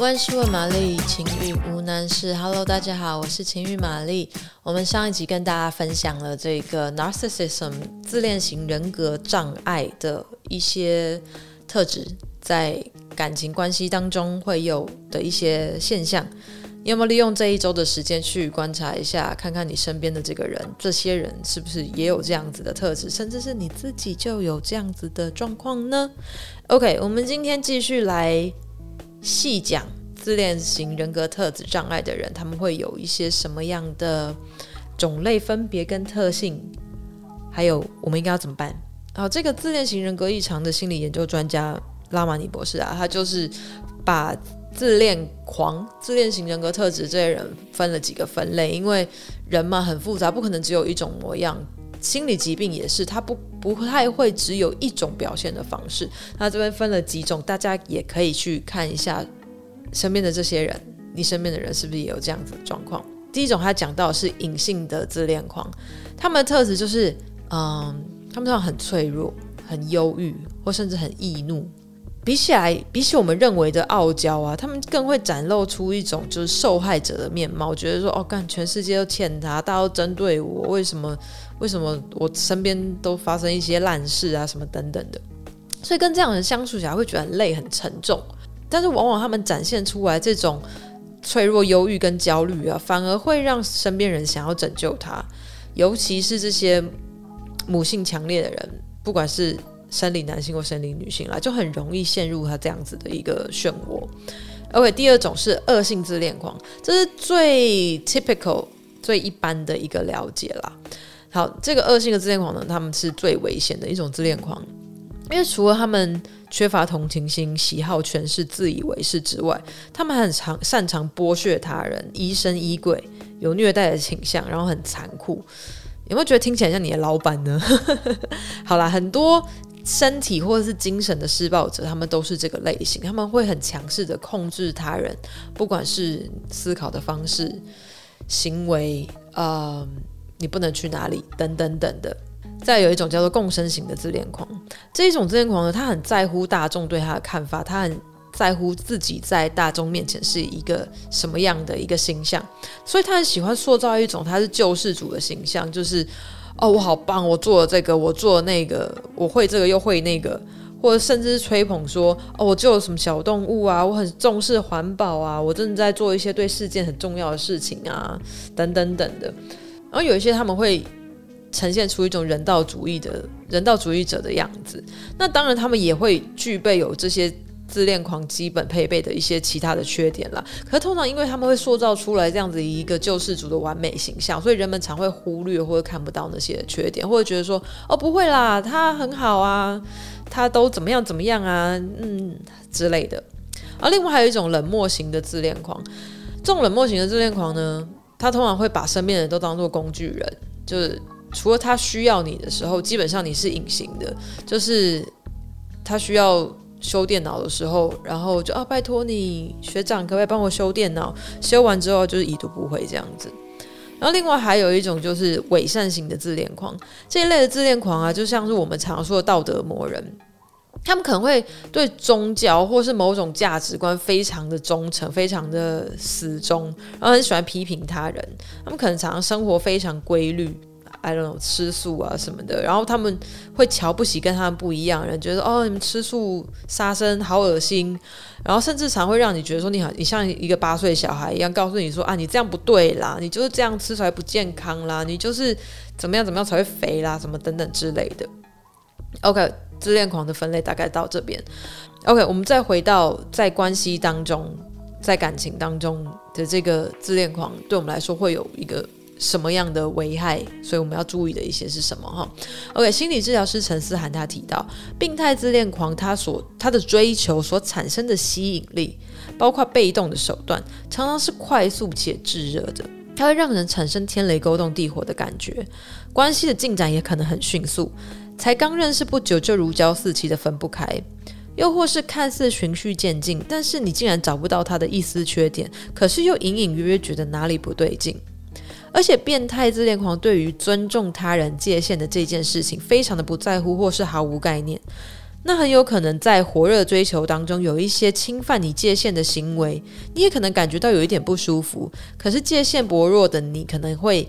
萬事問瑪麗，情慾無難事。Hello，大家好，我是情慾瑪麗。我們上一集跟大家分享了這個 narcissism 自戀型人格障礙的一些特質，在感情關係當中會有的一些現象。你有沒有利用這一周的時間去觀察一下，看看你身邊的這個人、這些人是不是也有這樣子的特質，甚至是你自己就有這樣子的狀況呢？OK，我們今天繼續來。細講自戀型人格特質障礙的人，他們會有一些什麼樣的種類分別跟特性，還有我們應該要怎麼辦？啊、哦，這個自戀型人格異常的心理研究專家拉馬尼博士啊，他就是把自戀狂、自戀型人格特質這些人分了幾個分類，因為人嘛，很複雜，不可能只有一種模樣。心理疾病也是，它不不太會只有一種表現的方式。那這邊分了幾種，大家也可以去看一下身邊的這些人，你身邊的人是不是也有這樣子的狀況？第一種，他講到是隱性的自戀狂，他們的特質就是，嗯，他們通常很脆弱、很憂鬱，或甚至很易怒。比起來，比起我們認為的傲嬌啊，他們更會展露出一種就是受害者的面貌。我覺得說，哦，幹，全世界都欠他，大家都針對我，為什麼？為什麼我身邊都發生一些爛事啊，什麼等等的？所以跟這樣人相處起來會覺得很累、很沉重。但是往往他們展現出來這種脆弱、憂鬱跟焦慮啊，反而會讓身邊人想要拯救他，尤其是這些母性強烈的人，不管是。生理男性或生理女性啦，就很容易陷入他這樣子的一個漩渦。OK，第二種是惡性自戀狂，這是最 typical 最一般的一個了解啦。好，這個惡性的自戀狂呢，他們是最危險的一種自戀狂，因為除了他們缺乏同情心、喜好權勢、自以為是之外，他們很常擅長剝削他人、疑神疑鬼，有虐待的傾向，然後很殘酷。有沒有覺得聽起來像你的老板呢？ 好啦，很多。身體或者是精神的施暴者，他們都是這個類型，他們會很強勢的控制他人，不管是思考的方式、行為，呃，你不能去哪裡等等等等的。再有一種叫做共生型的自戀狂，這一種自戀狂呢，他很在乎大眾對他的看法，他很在乎自己在大眾面前是一個什麼樣的一個形象，所以他很喜歡塑造一種他是救世主的形象，就是。哦，我好棒！我做了這個，我做了那個，我會這個又會那個，或者甚至吹捧說，哦，我做了什麼小動物啊，我很重視環保啊，我正在做一些對世界很重要的事情啊，等等等的。然後有一些他們會呈現出一種人道主義的，人道主義者的樣子，那當然他們也會具備有這些。自戀狂基本配備的一些其他的缺點啦，可是通常因為他們會塑造出來這樣子一個救世主的完美形象，所以人們常會忽略或看不到那些缺點，或者覺得說，哦不會啦，他很好啊，他都怎麼樣怎麼樣啊，嗯之類的。而另外還有一種冷漠型的自戀狂，這種冷漠型的自戀狂呢，他通常會把身邊的人都當做工具人，就是除了他需要你的時候，基本上你是隱形的，就是他需要，修電腦的時候，然後就啊，拜托你學長，可不可以幫我修電腦？修完之後就是已讀不回這樣子。然後另外還有一種就是偽善型的自戀狂，這一類的自戀狂啊，就像是我們常常說的道德魔人，他們可能會對宗教或是某種價值觀非常的忠誠，非常的死忠，然後很喜歡批評他人。他們可能常常生活非常規律。愛那種吃素啊什麼的，然後他們會瞧不起跟他們不一樣的人，覺得哦，你們吃素殺生好惡心，然後甚至常會讓你覺得說你好，你像一個八歲小孩一樣，告訴你說啊，你這樣不對啦，你就是這樣吃出來不健康啦，你就是怎麼樣怎麼樣才會肥啦，什麼等等之類的。OK，自戀狂的分類大概到這邊。OK，我們再回到在關係當中，在感情當中的這個自戀狂，對我們來說會有一個。什麼樣的危害？所以我們要注意的一些是什麼？哈，OK，心理治療師陳思涵他提到，病態自戀狂他所他的追求所產生的吸引力，包括被動的手段，常常是快速且炙熱的，它會讓人產生天雷勾動地火的感覺。關係的進展也可能很迅速，才剛認識不久就如膠似漆的分不開，又或是看似循序漸進，但是你竟然找不到他的一絲缺點，可是又隱隱約約覺得哪裡不對勁。而且，變態自戀狂對於尊重他人界限的這件事情，非常的不在乎，或是毫無概念。那很有可能在火熱追求當中，有一些侵犯你界限的行為，你也可能感覺到有一點不舒服。可是，界限薄弱的你，可能會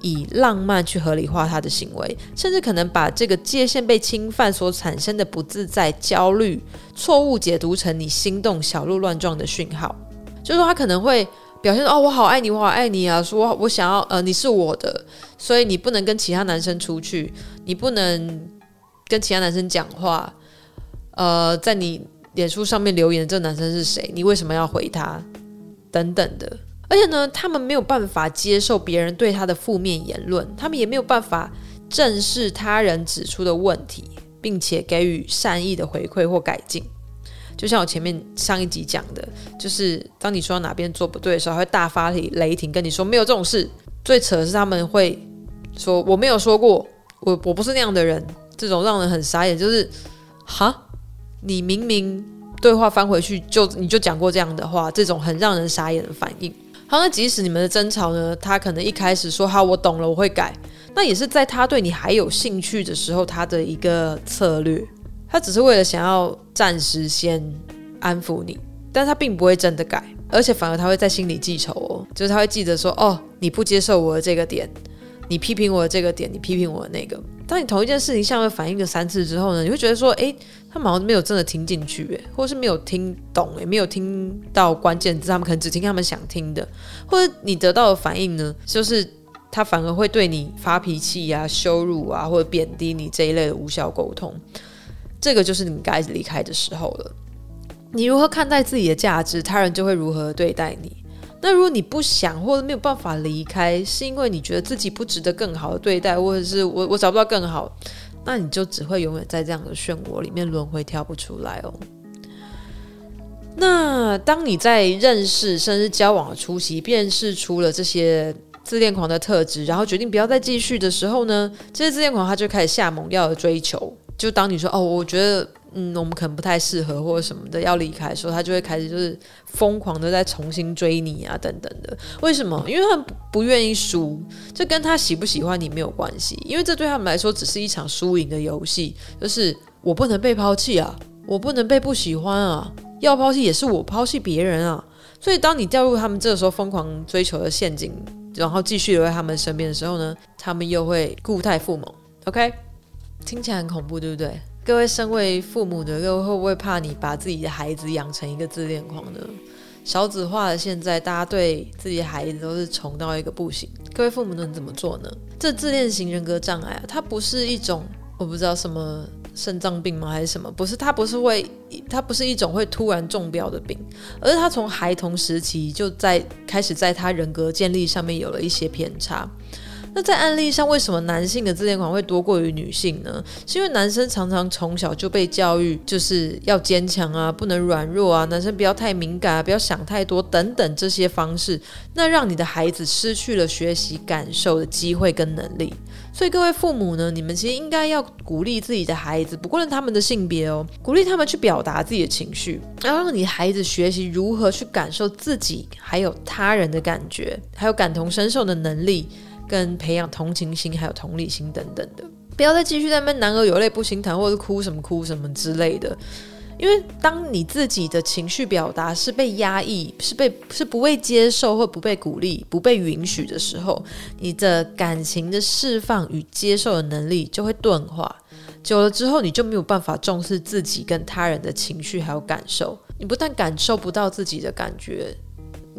以浪漫去合理化他的行為，甚至可能把這個界限被侵犯所產生的不自在、焦慮、錯誤解讀成你心動、小鹿亂撞的訊號。就是他可能會。表現哦，我好愛你，我好愛你啊！說我想要，呃，你是我的，所以你不能跟其他男生出去，你不能跟其他男生講話，呃，在你臉書上面留言的這個男生是誰？你為什麼要回他？等等的。而且呢，他們沒有辦法接受別人對他的負面言論，他們也沒有辦法正視他人指出的問題，並且給予善意的回饋或改進。就像我前面上一集講的，就是當你說到哪邊做不對的時候，會大發雷霆，跟你說沒有這種事。最扯的是他們會說我沒有說過，我我不是那樣的人，這種讓人很傻眼。就是哈，你明明對話翻回去就你就講過這樣的話，這種很讓人傻眼的反應。好，那即使你們的爭吵呢，他可能一開始說好我懂了，我會改，那也是在他對你還有興趣的時候，他的一個策略。他只是為了想要暫時先安撫你，但他並不會真的改，而且反而他會在心裡記仇哦、喔，就是他會記得說哦，你不接受我的這個點，你批評我的這個點，你批評我的那個。當你同一件事情向他反映了三次之後呢，你會覺得說，誒、欸，他們好像沒有真的聽進去、欸，哎，或是沒有聽懂、欸，哎，沒有聽到關鍵字，他們可能只聽他們想聽的，或者你得到的反應呢，就是他反而會對你發脾氣啊、羞辱啊，或者貶低你這一類的無效溝通。這個就是你該離開的時候了。你如何看待自己的價值，他人就會如何對待你。那如果你不想或者沒有辦法離開，是因為你覺得自己不值得更好的對待，或者是我我找不到更好，那你就只會永遠在這樣的漩渦裡面輪迴，跳不出來哦。那當你在認識甚至交往的初期，辨識出了這些自戀狂的特質，然後決定不要再繼續的時候呢，這些自戀狂他就開始下猛藥的追求。就當你說哦，我覺得嗯，我們可能不太適合或者什麼的要離開的時候，他就會開始就是瘋狂的再重新追你啊，等等的。為什麼？因為他們不願意輸，這跟他喜不喜歡你沒有關係，因為這對他們來說只是一場輸贏的遊戲。就是我不能被拋棄啊，我不能被不喜歡啊，要拋棄也是我拋棄別人啊。所以當你掉入他們這個時候瘋狂追求的陷阱，然後繼續留在他們身邊的時候呢，他們又會故態復萌。OK。聽起來很恐怖，對不對？各位身為父母的，會會不會怕你把自己的孩子養成一個自戀狂呢？少子化了，現在大家對自己的孩子都是寵到一個不行。各位父母能怎麼做呢？這自戀型人格障礙啊，它不是一種我不知道什麼腎臟病嗎？還是什麼？不是，它不是會，它不是一種會突然中標的病，而是他從孩童時期就在開始在他人格建立上面有了一些偏差。那在案例上，為什麼男性的自戀狂會多過於女性呢？是因為男生常常從小就被教育就是要堅強啊，不能軟弱啊，男生不要太敏感啊，不要想太多等等這些方式，那讓你的孩子失去了學習感受的機會跟能力。所以各位父母呢，你們其實應該要鼓勵自己的孩子，不論他們的性別哦，鼓勵他們去表達自己的情緒，要讓你孩子學習如何去感受自己，還有他人的感覺，還有感同身受的能力。跟培養同情心、還有同理心等等的。不要再繼續在那邊男兒有淚不輕彈，或者是哭什麼哭什麼之類的。因為當你自己的情緒表達是被壓抑、是被是不被接受或不被鼓勵、不被允許的時候，你的感情的釋放與接受的能力就會鈍化。久了之後，你就沒有辦法重視自己跟他人的情緒還有感受。你不但感受不到自己的感覺。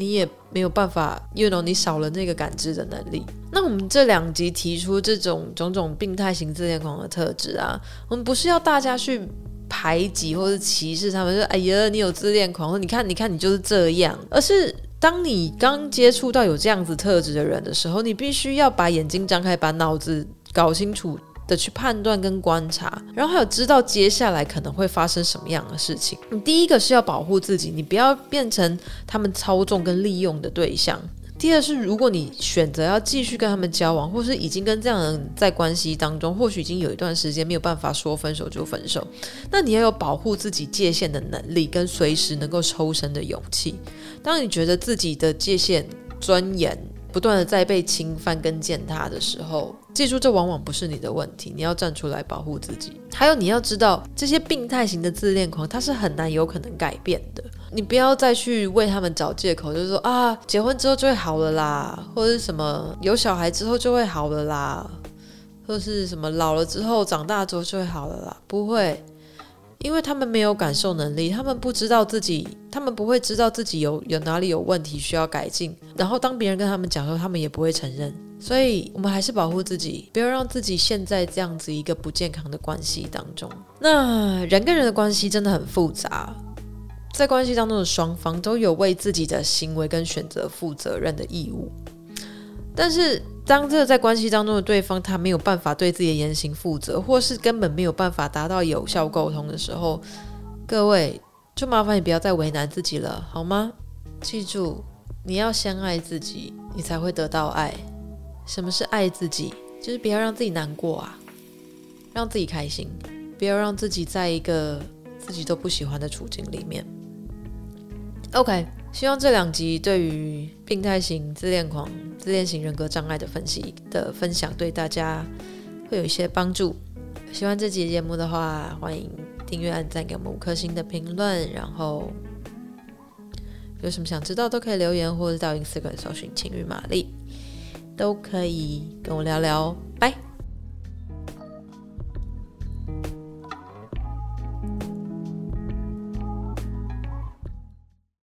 你也沒有辦法，You know, 你少了那個感知的能力。那我們這兩集提出這種種種病態型自戀狂的特質啊，我們不是要大家去排擠或者歧視他們，說，哎呀你有自戀狂，或你看你看你就是這樣，而是當你剛接觸到有這樣子特質的人的時候，你必須要把眼睛張開，把腦子搞清楚，的去判斷跟觀察，然後還有知道接下來可能會發生什麼樣的事情。你第一個是要保護自己，你不要變成他們操縱跟利用的對象。第二是，如果你選擇要繼續跟他們交往，或是已經跟這樣的人在關係當中，或許已經有一段時間沒有辦法說分手就分手，那你要有保護自己界限的能力，跟隨時能夠抽身的勇氣。當你覺得自己的界限尊嚴不斷的在被侵犯跟踐踏的時候，記住，這往往不是你的問題，你要站出來保護自己。還有，你要知道，這些病態型的自戀狂，他是很難有可能改變的。你不要再去為他們找借口，就是說啊，結婚之後就會好了啦，或者是什麼有小孩之後就會好了啦，或者是什麼老了之後長大之後就會好了啦，不會，因為他們沒有感受能力，他們不知道自己，他們不會知道自己有有哪裡有問題需要改進。然後，當別人跟他們講說，他們也不會承認。所以，我們還是保護自己，不要讓自己陷在這樣子一個不健康的關係當中。那人跟人的關係真的很複雜，在關係當中的雙方都有為自己的行為跟選擇負責任的義務。但是，當這個在關係當中的對方他沒有辦法對自己的言行負責，或是根本沒有辦法達到有效溝通的時候，各位就麻煩你不要再為難自己了，好嗎？記住，你要先愛自己，你才會得到愛。什麼是愛自己？就是不要讓自己難過啊，讓自己開心，不要讓自己在一個自己都不喜歡的處境裡面。OK，希望這兩集對於病態型自戀狂、自戀型人格障礙的分析的分享，對大家會有一些幫助。喜歡這集節目的話，歡迎訂閱、按讚給我們五顆星的評論，然後有什麼想知道都可以留言，或者到 Instagram 搜尋情慾瑪麗。都可以跟我聊聊哦，拜。